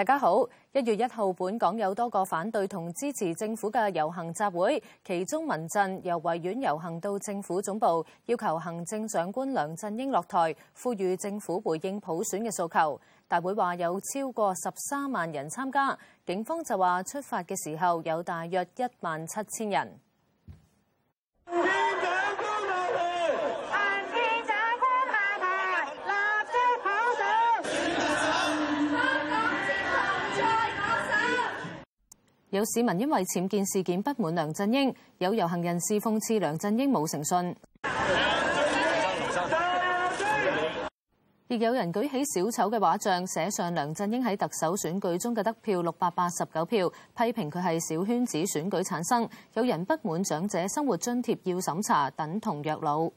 大家好，一月一號，本港有多個反對同支持政府嘅遊行集會，其中民陣由維園遊行到政府總部，要求行政長官梁振英落台，呼籲政府回應普選嘅訴求。大會話有超過十三萬人參加，警方就話出發嘅時候有大約一萬七千人。有市民因為僭建事件不滿梁振英，有遊行人士諷刺梁振英冇誠信，亦有人舉起小丑嘅畫像，寫上梁振英喺特首選舉中嘅得票六百八十九票，批評佢係小圈子選舉產生。有人不滿長者生活津貼要審查，等同虐老。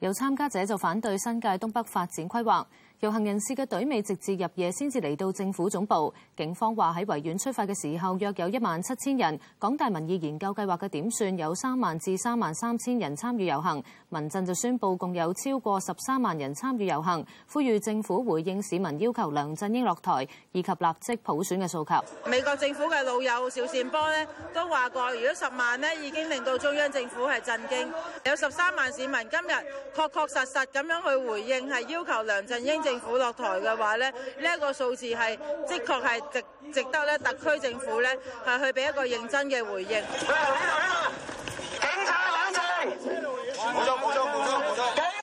有參加者就反對新界東北發展規劃。遊行人士嘅隊尾直至入夜先至嚟到政府總部，警方話喺維園出發嘅時候約有一萬七千人，港大民意研究計劃嘅點算有三萬至三萬三千人參與遊行，民陣就宣佈共有超過十三萬人參與遊行，呼籲政府回應市民要求梁振英落台以及立即普選嘅訴求。美國政府嘅老友邵善波呢都話過，如果十萬呢已經令到中央政府係震驚，有十三萬市民今日確確實實咁樣去回應係要求梁振英政。這個、政府落台嘅話咧，呢一個數字係的確係值值得咧，特區政府咧係去俾一個認真嘅回應。警察冷靜，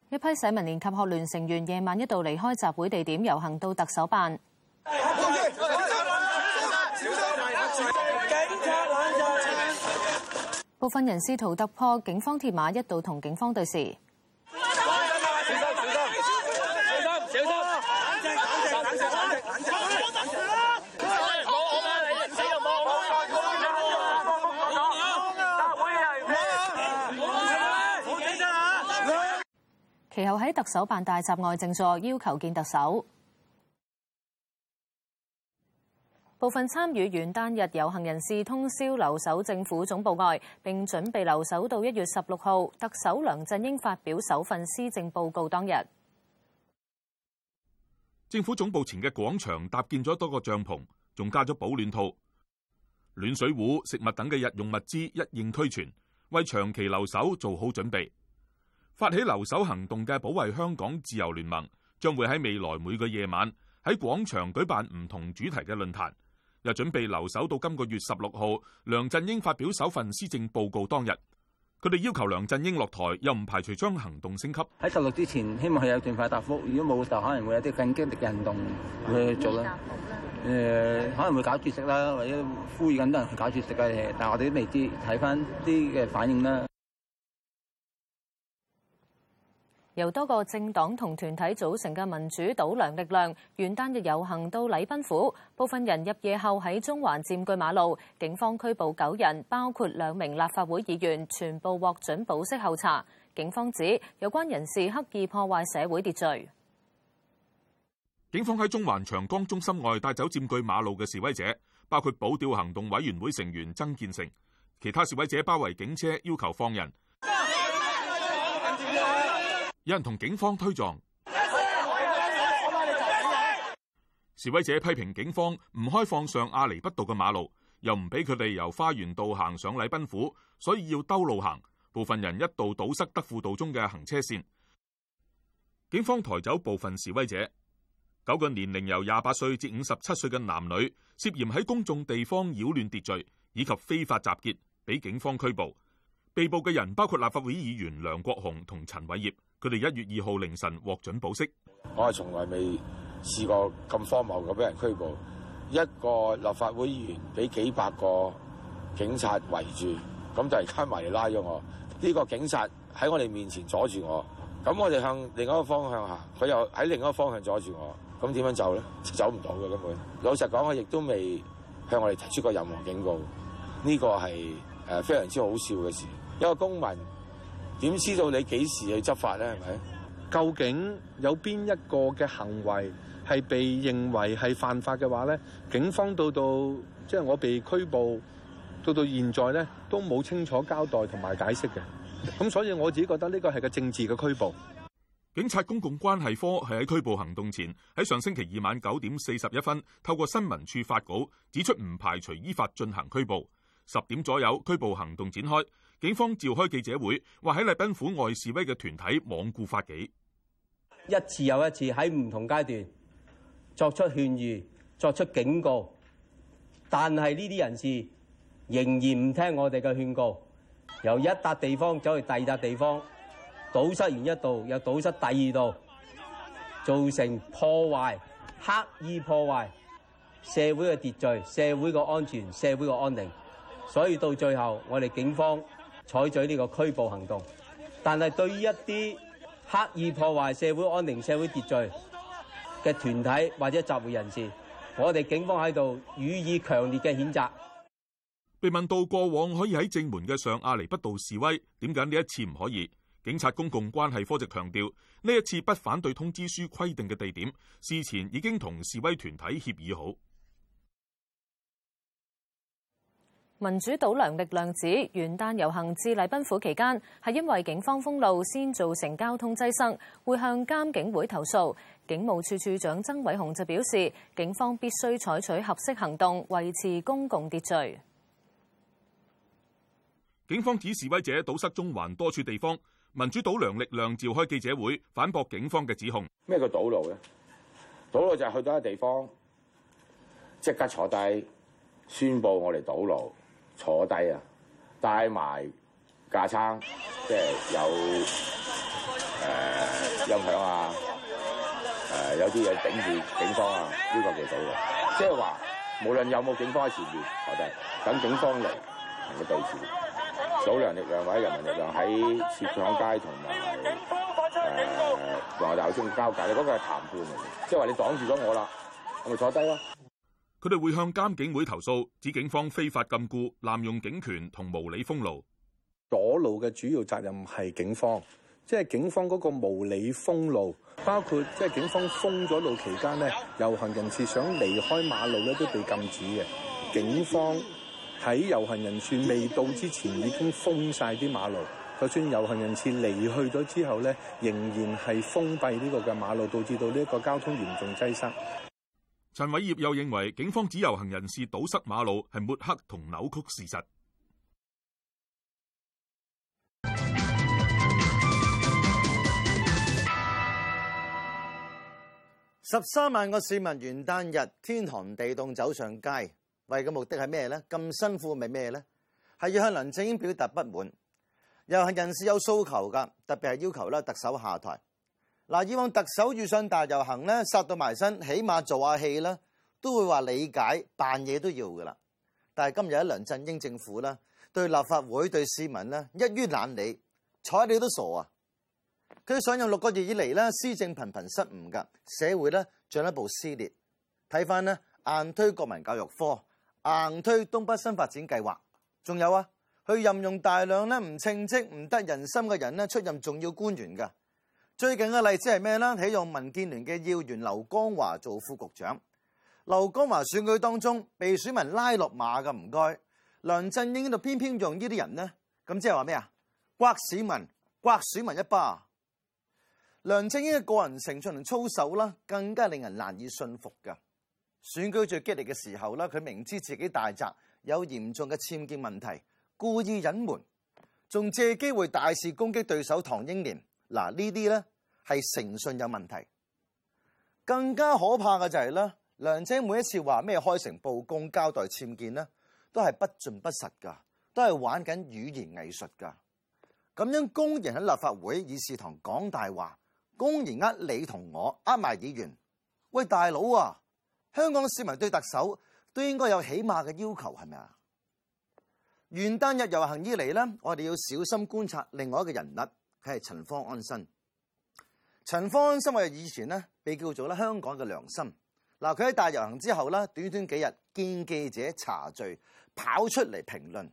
一批社民連及學聯成員夜晚一度離開集會地點，遊行到特首辦。部分人試圖突破警方鐵馬，一度同警方對峙。又喺特首辦大閘外靜坐要求見特首。部分參與元旦日遊行人士通宵留守政府總部外，並準備留守到一月十六號，特首梁振英發表首份施政報告當日。政府總部前嘅廣場搭建咗多個帳篷，仲加咗保暖套、暖水壺、食物等嘅日用物資一應俱全，為長期留守做好準備。發起留守行動嘅保衛香港自由聯盟將會喺未來每個夜晚喺廣場舉辦唔同主題嘅論壇，又準備留守到今個月十六號，梁振英發表首份施政報告當日，佢哋要求梁振英落台，又唔排除將行動升級。喺十六之前，希望佢有盡快答覆，如果冇嘅時候，可能會有啲更激烈嘅行動去做啦。誒、呃，可能會搞絕食啦，或者呼籲更多人去搞絕食嘅嘢，但係我哋都未知，睇翻啲嘅反應啦。由多個政黨同團體組成嘅民主倒梁力量，元旦日遊行到禮賓府，部分人入夜後喺中環佔據馬路，警方拘捕九人，包括兩名立法會議員，全部獲准保釋候查。警方指有關人士刻意破壞社會秩序。警方喺中環長江中心外帶走佔據馬路嘅示威者，包括保釣行動委員會成員曾健成，其他示威者包圍警車要求放人。有人同警方推撞，示威者批評警方唔開放上亞厘畢道嘅馬路，又唔俾佢哋由花園道行上禮賓府，所以要兜路行。部分人一度堵塞德輔道中嘅行車線，警方抬走部分示威者。九個年齡由廿八歲至五十七歲嘅男女涉嫌喺公眾地方擾亂秩序以及非法集結，被警方拘捕。被捕嘅人包括立法會議員梁國雄同陳偉業。佢哋一月二號凌晨獲准保釋。我係從來未試過咁荒謬嘅，俾人拘捕，一個立法會議員俾幾百個警察圍住，咁就卡埋嚟拉咗我。呢個警察喺我哋面前阻住我，咁我哋向另一個方向行，佢又喺另一個方向阻住我，咁點樣走咧？走唔到嘅根本。老實講，我亦都未向我哋提出過任何警告。呢個係誒非常之好笑嘅事，一個公民。點知道你幾時去執法呢？係咪？究竟有邊一個嘅行為係被認為係犯法嘅話呢？警方到到，即係我被拘捕，到到現在呢，都冇清楚交代同埋解釋嘅。咁所以我自己覺得呢個係個政治嘅拘捕。警察公共關係科係喺拘捕行動前，喺上星期二晚九點四十一分透過新聞處發稿指出唔排除依法進行拘捕。十點左右拘捕行動展開。警方召開記者會，話喺禮賓府外示威嘅團體罔顧法紀，一次又一次喺唔同階段作出勸喻、作出警告，但係呢啲人士仍然唔聽我哋嘅勸告，由一笪地方走去第二笪地方，堵塞完一度又堵塞第二度，造成破壞，刻意破壞社會嘅秩序、社會嘅安全、社會嘅安寧，所以到最後我哋警方，採取呢個拘捕行動，但係對於一啲刻意破壞社會安寧、社會秩序嘅團體或者集會人士，我哋警方喺度予以強烈嘅譴責。被問到過往可以喺正門嘅上亞厘畢道示威，點解呢一次唔可以？警察公共關係科就強調，呢一次不反對通知書規定嘅地點，事前已經同示威團體協議好。民主倒梁力量指元旦遊行至禮賓府期間，係因為警方封路先造成交通擠塞，會向監警會投訴。警務處處長曾偉雄就表示，警方必須採取合適行動維持公共秩序。警方指示威者堵塞中環多處地方，民主倒梁力量召開記者會反駁警方嘅指控。咩叫堵路呢？堵路就係去到一個地方，即刻坐低宣布我哋堵路。坐低啊！帶埋架撐，即係有誒、呃、音響啊！誒、呃、有啲嘢頂住警方啊！呢、這個幾到嘅，即係話無論有冇警方喺前面，我就等警方嚟同佢對峙。早力量或者人民力量喺雪廠街同埋誒華大中交界，嗰、那個係談判嚟嘅，即係話你擋住咗我啦，我咪坐低咯、啊。佢哋會向監警會投訴，指警方非法禁錮、濫用警權同無理封路。阻路嘅主要責任係警方，即係警方嗰個無理封路，包括即係警方封咗路期間呢，遊行人士想離開馬路咧都被禁止嘅。警方喺遊行人士未到之前已經封晒啲馬路，就算遊行人士離去咗之後呢，仍然係封閉呢個嘅馬路，導致到呢個交通嚴重擠塞。陳偉業又認為警方指遊行人士堵塞馬路係抹黑同扭曲事實。十三萬個市民元旦日天寒地凍走上街，為嘅目的係咩咧？咁辛苦係咩咧？係要向梁振英表達不滿。遊行人士有訴求噶，特別係要求啦特首下台。嗱，以往特首遇上大遊行咧，殺到埋身，起碼做下戲啦，都會話理解，扮嘢都要噶啦。但係今日喺梁振英政府咧，對立法會、對市民咧，一於懶理，睬你都傻啊！佢上任六個月以嚟咧，施政頻頻失誤噶，社會咧進一步撕裂。睇翻咧，硬推國民教育科，硬推東北新發展計劃，仲有啊，去任用大量咧唔稱職、唔得人心嘅人咧出任重要官員噶。最近嘅例子係咩咧？起用民建聯嘅要員劉江華做副局長，劉江華選舉當中被選民拉落馬嘅唔該，梁振英喺度偏偏用呢啲人呢，咁即係話咩啊？刮市民、刮選民一巴，梁振英嘅個人誠信同操守啦，更加令人難以信服嘅。選舉最激烈嘅時候啦，佢明知自己大宅有嚴重嘅僭建問題，故意隱瞞，仲借機會大肆攻擊對手唐英年。嗱，呢啲咧係誠信有問題，更加可怕嘅就係咧，梁姐每一次話咩開誠佈公、交代僭建咧，都係不盡不實噶，都係玩緊語言藝術噶。咁樣公然喺立法會議事堂講大話，公然呃你同我，呃埋議員。喂，大佬啊，香港市民對特首都應該有起碼嘅要求，係咪啊？元旦日遊行以嚟咧，我哋要小心觀察另外一個人物。佢係陳方安生，陳方安生我以前咧被叫做咧香港嘅良心。嗱，佢喺大遊行之後咧，短短幾日見記者茶聚，跑出嚟評論。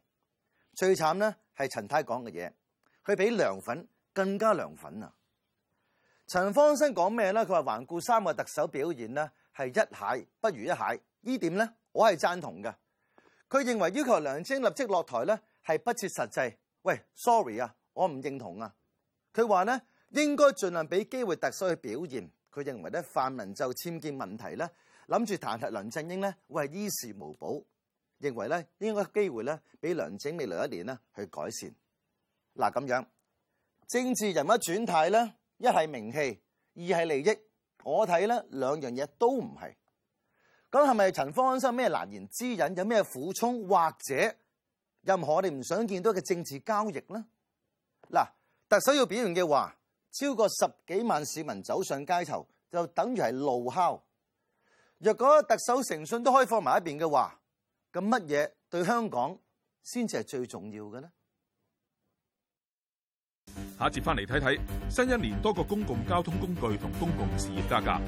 最慘咧係陳太講嘅嘢，佢比涼粉更加涼粉啊！陳方安生講咩咧？佢話環顧三個特首表現咧係一蟹不如一蟹，呢點咧我係贊同嘅。佢認為要求梁清立即落台咧係不切實際。喂，sorry 啊，我唔認同啊！佢話咧，應該盡量俾機會特首去表現。佢認為咧，泛民就僭建問題咧，諗住彈劾梁振英咧，會係於事無補。認為咧，應該機會咧，俾梁振英未來一年咧，去改善。嗱咁樣，政治人物轉態咧，一係名氣，二係利益。我睇咧，兩樣嘢都唔係。咁係咪陳方安生咩難言之隱，有咩苦衷，或者任何我哋唔想見到嘅政治交易咧？嗱。特首要表現嘅話，超過十幾萬市民走上街頭，就等於係怒敲。若果特首誠信都開放埋一邊嘅話，咁乜嘢對香港先至係最重要嘅呢？下一節翻嚟睇睇，新一年多個公共交通工具同公共事業加價，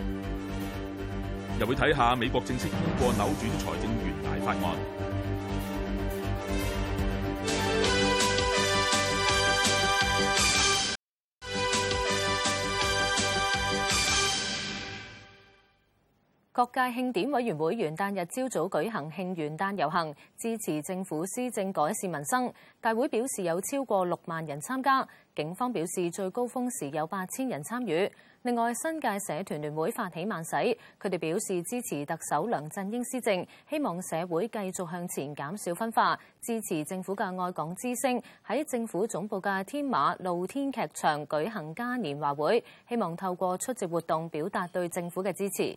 又會睇下美國正式通過扭轉財政懸崖法案。各界慶典委員會元旦日朝早舉行慶元旦遊行，支持政府施政，改善民生。大會表示有超過六萬人參加，警方表示最高峰時有八千人參與。另外，新界社團聯會發起慢駛，佢哋表示支持特首梁振英施政，希望社會繼續向前，減少分化。支持政府嘅愛港之聲，喺政府總部嘅天馬露天劇場舉行嘉年華會，希望透過出席活動表達對政府嘅支持。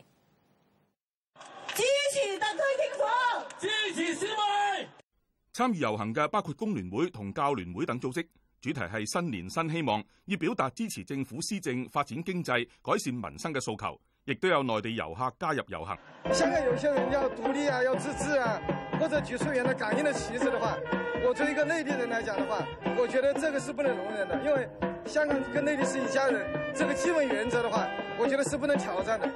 參與遊行嘅包括工聯會同教聯會等組織，主題係新年新希望，以表達支持政府施政、發展經濟、改善民生嘅訴求。亦都有內地遊客加入遊行。香港有些人要獨立啊，要自治啊，或者舉出原來港英的旗子的話，我作為一個內地人嚟講的話，我覺得這個是不能容忍的，因為香港跟內地是一家人，這個基本原則的話，我覺得是不能挑戰的。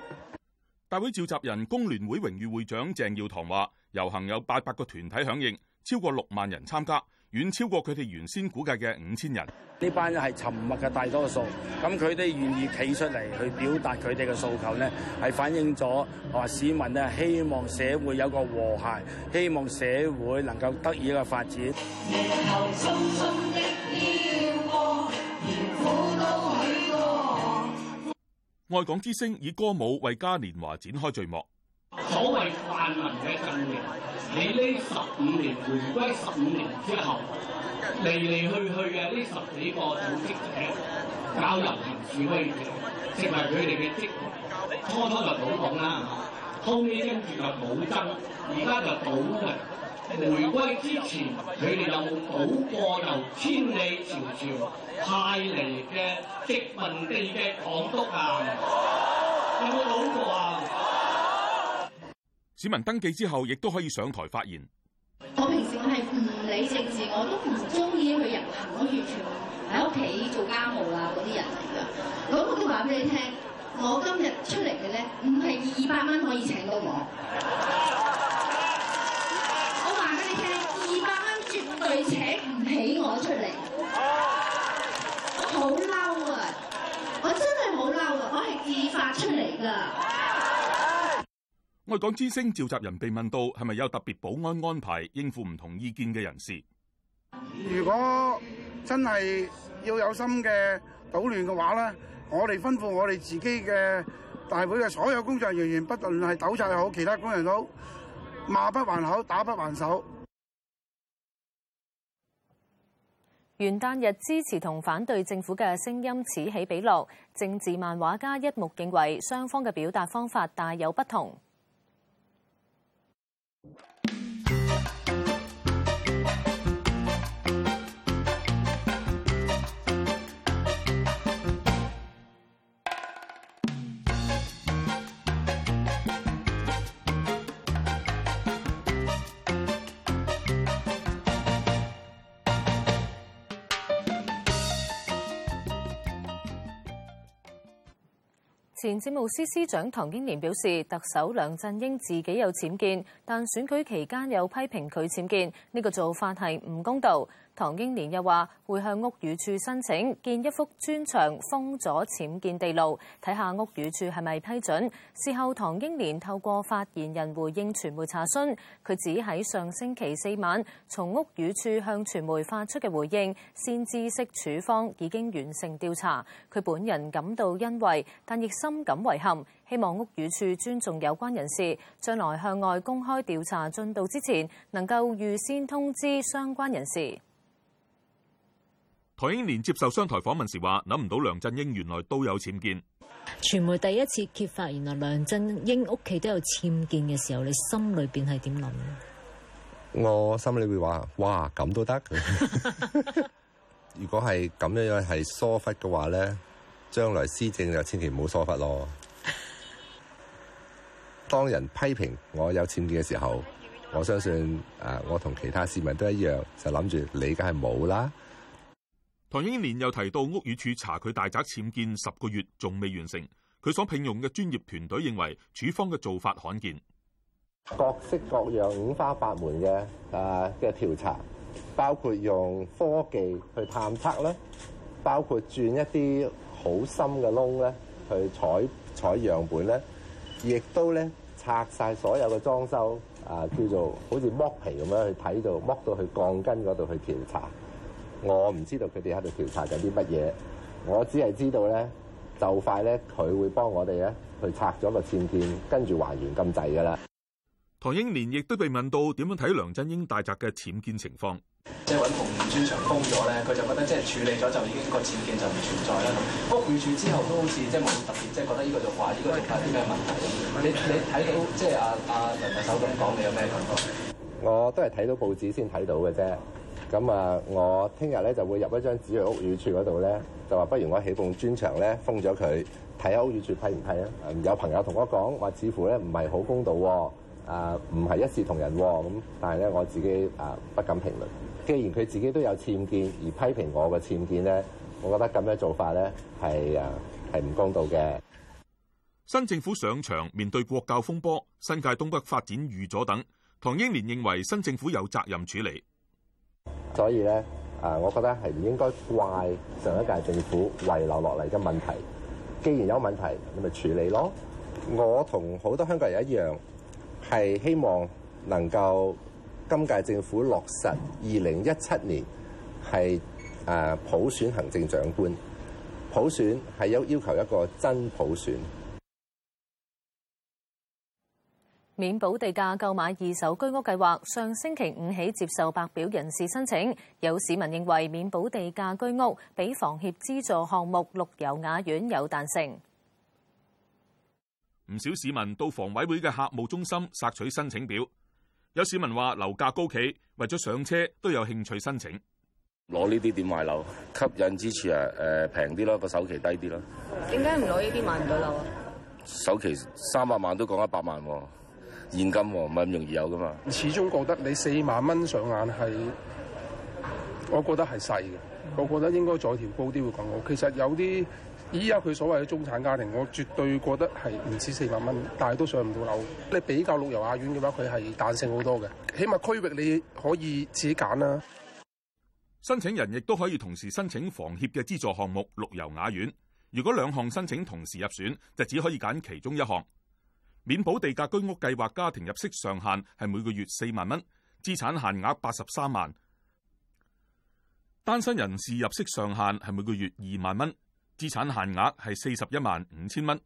大會召集人工聯會榮譽會長鄭耀棠話，遊行有八百個團體響應。超過六萬人參加，遠超過佢哋原先估計嘅五千人。呢班係沉默嘅大多數，咁佢哋願意企出嚟去表達佢哋嘅訴求呢係反映咗啊、呃、市民呢希望社會有個和諧，希望社會能夠得以一個發展。後的愛港之聲以歌舞為嘉年華展開序幕。所謂泛民嘅陣營。喺呢十五年回歸十五年之後，嚟嚟去去嘅呢十幾個組織者搞遊行示威，成為佢哋嘅職務，初初就保港啦，後尾跟住就保爭，而家就保咩？回歸之前，佢哋有冇保過由千里迢迢派嚟嘅殖民地嘅港督啊？市民登記之後，亦都可以上台發言。我平時我係唔理政治，我都唔中意去遊行，我完全喺屋企做家務啊嗰啲人嚟㗎。咁我都話俾你聽，我今日出嚟嘅咧，唔係二百蚊可以請到我。 我話俾你聽，二百蚊絕對請唔起我出嚟。 我好嬲啊！我真係好嬲啊！我係自發出嚟㗎。我愛港之聲召集人被問到係咪有特別保安安排應付唔同意見嘅人士？如果真係要有心嘅搗亂嘅話咧，我哋吩咐我哋自己嘅大會嘅所有工作人員，不論係斗賊又好，其他工人都好，罵不還口，打不還手。元旦日支持同反對政府嘅聲音此起彼落，政治漫畫家一目認為雙方嘅表達方法大有不同。前政務司司長唐英年表示，特首梁振英自己有僭建，但選舉期間有批評佢僭建，呢個做法係唔公道。唐英年又話會向屋宇處申請建一幅專長封咗僭建地牢，睇下屋宇處係咪批准。事後，唐英年透過發言人回應傳媒查詢，佢指喺上星期四晚從屋宇處向傳媒發出嘅回應先知悉處方已經完成調查。佢本人感到欣慰，但亦深感遺憾，希望屋宇處尊重有關人士，將來向外公開調查進度之前，能夠預先通知相關人士。唐英年接受商台訪問時話：諗唔到梁振英原來都有僭建。傳媒第一次揭發，原來梁振英屋企都有僭建嘅時候，你心裏邊係點諗？我心裏會話：哇，咁都得。 如果係咁樣樣係疏忽嘅話咧，將來施政就千祈唔好疏忽咯。 當人批評我有僭建嘅時候，我相信誒，我同其他市民都一樣，就諗住你梗係冇啦。唐英年又提到屋宇署查佢大宅僭建十個月仲未完成，佢所聘用嘅專業團隊認為署方嘅做法罕見。各式各樣五花八門嘅啊嘅調查，包括用科技去探測啦，包括鑽一啲好深嘅窿咧去採採樣本咧，亦都咧拆晒所有嘅裝修啊，叫做好似剝皮咁樣去睇到剝到去鋼筋嗰度去調查。我唔知道佢哋喺度調查緊啲乜嘢，我只係知道咧，就快咧，佢會幫我哋咧去拆咗個僭建，跟住還原禁制㗎喇。唐英年亦都被問到點樣睇梁振英大宅嘅僭建情況，即係揾紅磚場封咗咧，佢就覺得即係處理咗就已經個僭建就唔存在啦。屋宇署之後都好似即係冇特別即係、就是、覺得呢個就話依、這個存在啲咩問題。你你睇到即係阿阿陳阿首咁講你有咩感覺？我都係睇到報紙先睇到嘅啫。咁啊！我聽日咧就會入一張紙去屋宇署嗰度咧，就話不如我起棟磚牆咧封咗佢，睇下屋宇署批唔批啊？有朋友同我講話，似乎咧唔係好公道喎，啊唔係一視同仁喎咁。但係咧我自己啊不敢評論。既然佢自己都有僭建而批評我嘅僭建咧，我覺得咁樣做法咧係啊係唔公道嘅。新政府上場面對國教風波，新界東北發展遇阻等，唐英年認為新政府有責任處理。所以咧，啊，我覺得係唔應該怪上一屆政府遺留落嚟嘅問題。既然有問題，你咪處理咯。我同好多香港人一樣，係希望能夠今屆政府落實二零一七年係啊普選行政長官。普選係有要求一個真普選。免補地價購買二手居屋計劃上星期五起接受白表人士申請，有市民認為免補地價居屋比房協資助項目綠悠雅苑有彈性。唔少市民到房委會嘅客務中心索取申請表，有市民話樓價高企，為咗上車都有興趣申請。攞呢啲點買樓？吸引支持啊，誒平啲咯，個首期低啲咯。點解唔攞呢啲買唔到樓啊？首期三百萬都降一百萬。現金喎、啊，唔係咁容易有噶嘛。始終覺得你四萬蚊上眼係，我覺得係細嘅。我覺得應該再調高啲會更好。其實有啲依家佢所謂嘅中產家庭，我絕對覺得係唔止四萬蚊，但係都上唔到樓。你比較綠油雅苑嘅話，佢係彈性好多嘅，起碼區域你可以自己揀啦。申請人亦都可以同時申請房協嘅資助項目綠油雅苑。如果兩項申請同時入選，就只可以揀其中一項。免補地價居，居屋計劃家庭入息上限係每個月四萬蚊，資產限額八十三萬；單身人士入息上限係每個月二萬蚊，資產限額係四十一萬五千蚊。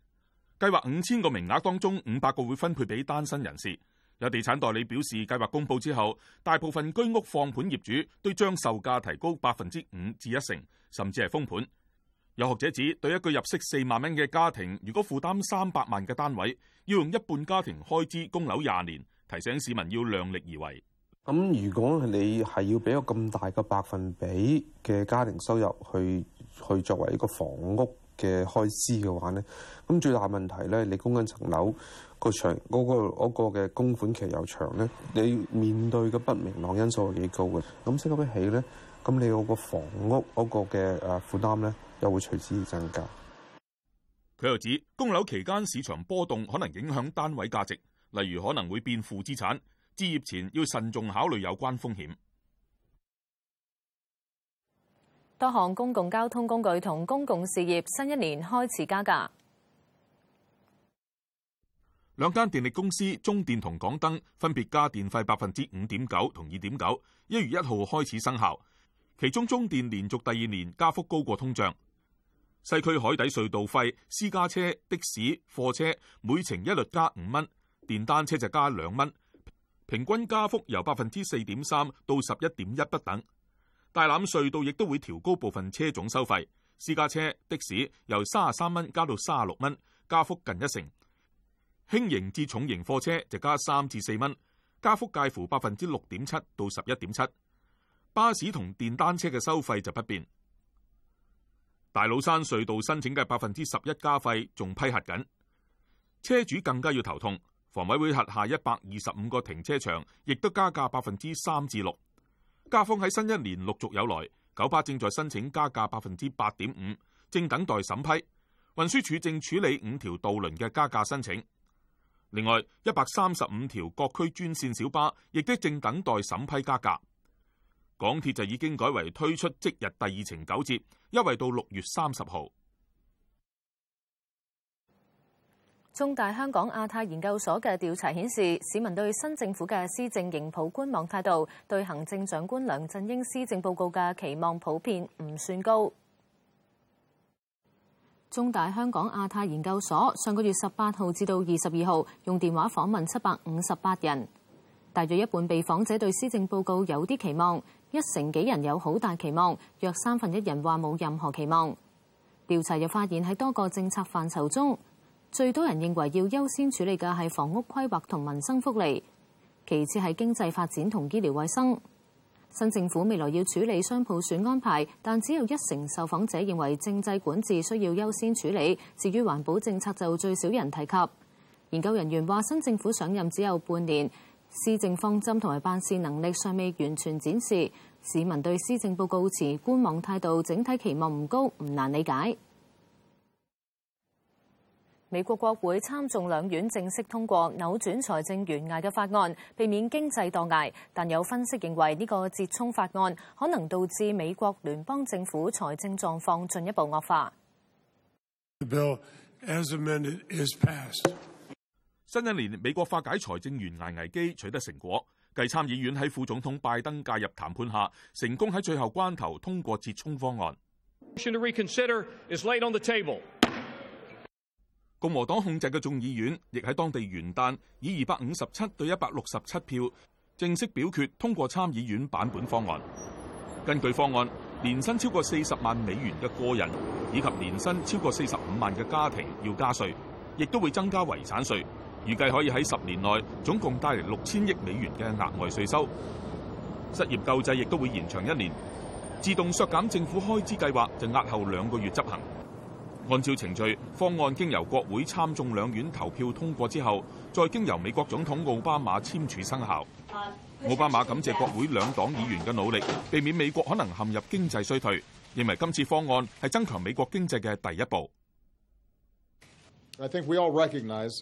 計劃五千個名額當中，五百個會分配俾單身人士。有地產代理表示，計劃公布之後，大部分居屋放盤業主都將售價提高百分之五至一成，甚至係封盤。有學者指，對一個入息四萬蚊嘅家庭，如果負擔三百萬嘅單位，要用一半家庭開支供樓廿年，提醒市民要量力而為。咁如果你係要俾個咁大嘅百分比嘅家庭收入去去作為一個房屋嘅開支嘅話咧，咁最大問題咧，你供緊層樓個長嗰、嗰個個嘅供款期又長咧，你面對嘅不明朗因素係幾高嘅。咁升到起咧，咁你我個房屋嗰個嘅誒負擔咧，又會隨之而增加。佢又指供樓期間市場波動可能影響單位價值，例如可能會變負資產，置業前要慎重考慮有關風險。多項公共交通工具同公共事業新一年開始加價，兩間電力公司中電同港燈分別加電費百分之五點九同二點九，一月一號開始生效。其中中電連續第二年加幅高過通脹。西區海底隧道費，私家車、的士、貨車每程一律加五蚊，電單車就加兩蚊，平均加幅由百分之四點三到十一點一不等。大欖隧道亦都會調高部分車種收費，私家車、的士由三十三蚊加到三十六蚊，加幅近一成。輕型至重型貨車就加三至四蚊，加幅介乎百分之六點七到十一點七。巴士同電單車嘅收費就不變。大老山隧道申請嘅百分之十一加費仲批核緊，車主更加要頭痛。房委會轄下一百二十五個停車場，亦都加價百分之三至六。加風喺新一年陸續有來，九巴正在申請加價百分之八點五，正等待審批。運輸署正處理五條渡輪嘅加價申請，另外一百三十五條各區專線小巴亦都正等待審批加價。港鐵就已經改為推出即日第二程九折，優惠到六月三十號。中大香港亞太研究所嘅調查顯示，市民對新政府嘅施政仍抱觀望態度，對行政長官梁振英施政報告嘅期望普遍唔算高。中大香港亞太研究所上個月十八號至到二十二號用電話訪問七百五十八人，大約一半被訪者對施政報告有啲期望。一成幾人有好大期望，約三分一人話冇任何期望。調查又發現喺多個政策範疇中，最多人認為要優先處理嘅係房屋規劃同民生福利，其次係經濟發展同醫療衛生。新政府未來要處理雙普選安排，但只有一成受訪者認為政制管治需要優先處理。至於環保政策就最少人提及。研究人員話：新政府上任只有半年。施政方針同埋辦事能力尚未完全展示，市民對施政報告持觀望態度，整體期望唔高，唔難理解。美國國會參眾兩院正式通過扭轉財政懸崖嘅法案，避免經濟墮崖，但有分析認為呢、這個折衷法案可能導致美國聯邦政府財政狀況進一步惡化。新一年，美國化解財政懸崖危機取得成果，繼參議院喺副總統拜登介入談判下，成功喺最後關頭通過折衷方案。共和黨控制嘅眾議院亦喺當地元旦以二百五十七對一百六十七票正式表決通過參議院版本方案。根據方案，年薪超過四十萬美元嘅個人以及年薪超過四十五萬嘅家庭要加稅，亦都會增加遺產稅。預計可以喺十年內總共帶嚟六千億美元嘅額外稅收，失業救濟亦都會延長一年，自動削減政府開支計劃就押後兩個月執行。按照程序，方案經由國會參眾兩院投票通過之後，再經由美國總統奧巴馬簽署生效。奧巴馬感謝國會兩黨議員嘅努力，避免美國可能陷入經濟衰退，認為今次方案係增強美國經濟嘅第一步。I think we all recognize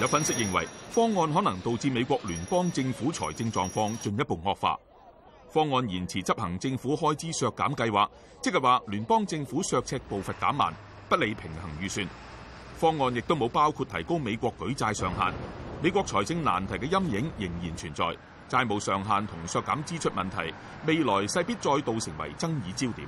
有分析認為，方案可能導致美國聯邦政府財政狀況進一步惡化。方案延遲執行政府開支削減計劃，即係話聯邦政府削赤步伐減慢，不利平衡預算。方案亦都冇包括提高美國舉債上限。美國財政難題嘅陰影仍然存在，債務上限同削減支出問題，未來勢必再度成為爭議焦點。